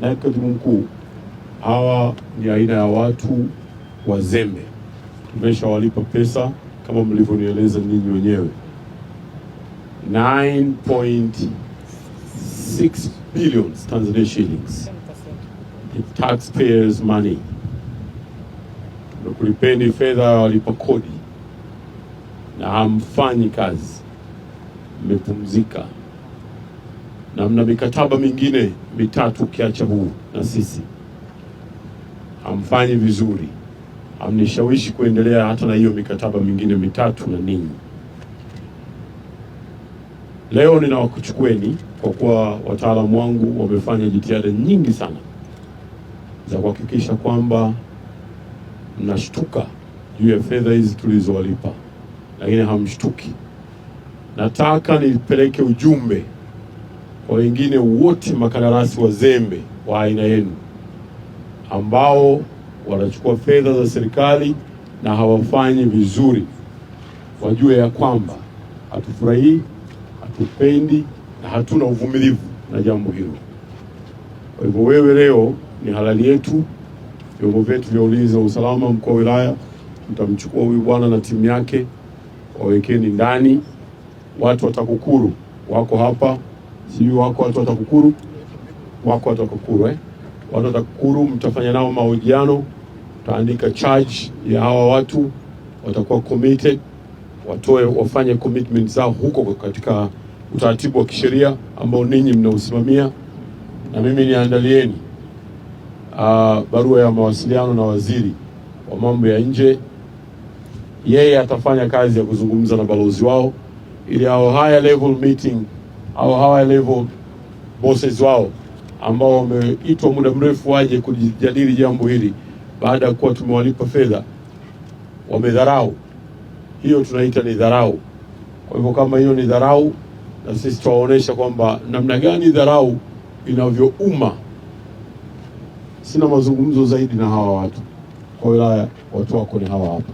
na katibu mkuu, hawa ni aina ya watu wazembe. Tumeshawalipa pesa kama mlivyonieleza ninyi wenyewe 9.6 billion Tanzania shillings, the taxpayers money. Tumekulipeni fedha ya walipa kodi na hamfanyi kazi, mmepumzika na mna mikataba mingine mitatu ukiacha huu, na sisi hamfanyi vizuri, hamnishawishi kuendelea hata na hiyo mikataba mingine mitatu na ninyi. Leo ninawakuchukueni kwa kuwa wataalamu wangu wamefanya jitihada nyingi sana za kuhakikisha kwamba mnashtuka juu ya fedha hizi tulizowalipa, lakini hamshtuki. Nataka nipeleke ujumbe wengine wote makandarasi wazembe wa aina yenu ambao wanachukua fedha za serikali na hawafanyi vizuri, wajue ya kwamba hatufurahii, hatupendi na hatuna uvumilivu na jambo hilo. Kwa hivyo, wewe leo ni halali yetu. Vyombo vyetu vya ulinzi na usalama, mkuu wa wilaya, mtamchukua huyu bwana na timu yake, wawekeni ndani. Watu wa TAKUKURU wako hapa sijui wako watu watakukuru, wako watu eh? Watu watakukuru mtafanya nao mahojiano, mtaandika charge ya hawa watu, watakuwa committed, watoe wafanye commitment zao huko katika utaratibu wa kisheria ambao ninyi mnausimamia, na mimi niandalieni uh, barua ya mawasiliano na waziri wa mambo ya nje. Yeye atafanya kazi ya kuzungumza na balozi wao ili hao higher level meeting au hawa level bosses wao ambao wameitwa muda mrefu waje kujadili jambo hili, baada ya kuwa tumewalipa fedha wamedharau. Hiyo tunaita ni dharau. Kwa hivyo kama hiyo ni dharau, na sisi tuwaonesha kwamba namna gani dharau inavyouma. Sina mazungumzo zaidi na hawa watu kwa wilaya, watu wako ni hawa hapa.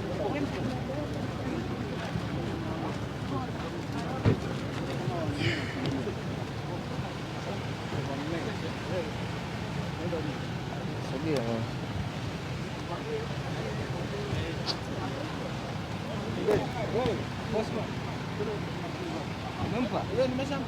Sige ako. Boss mo. Ano pa? Ano, masam.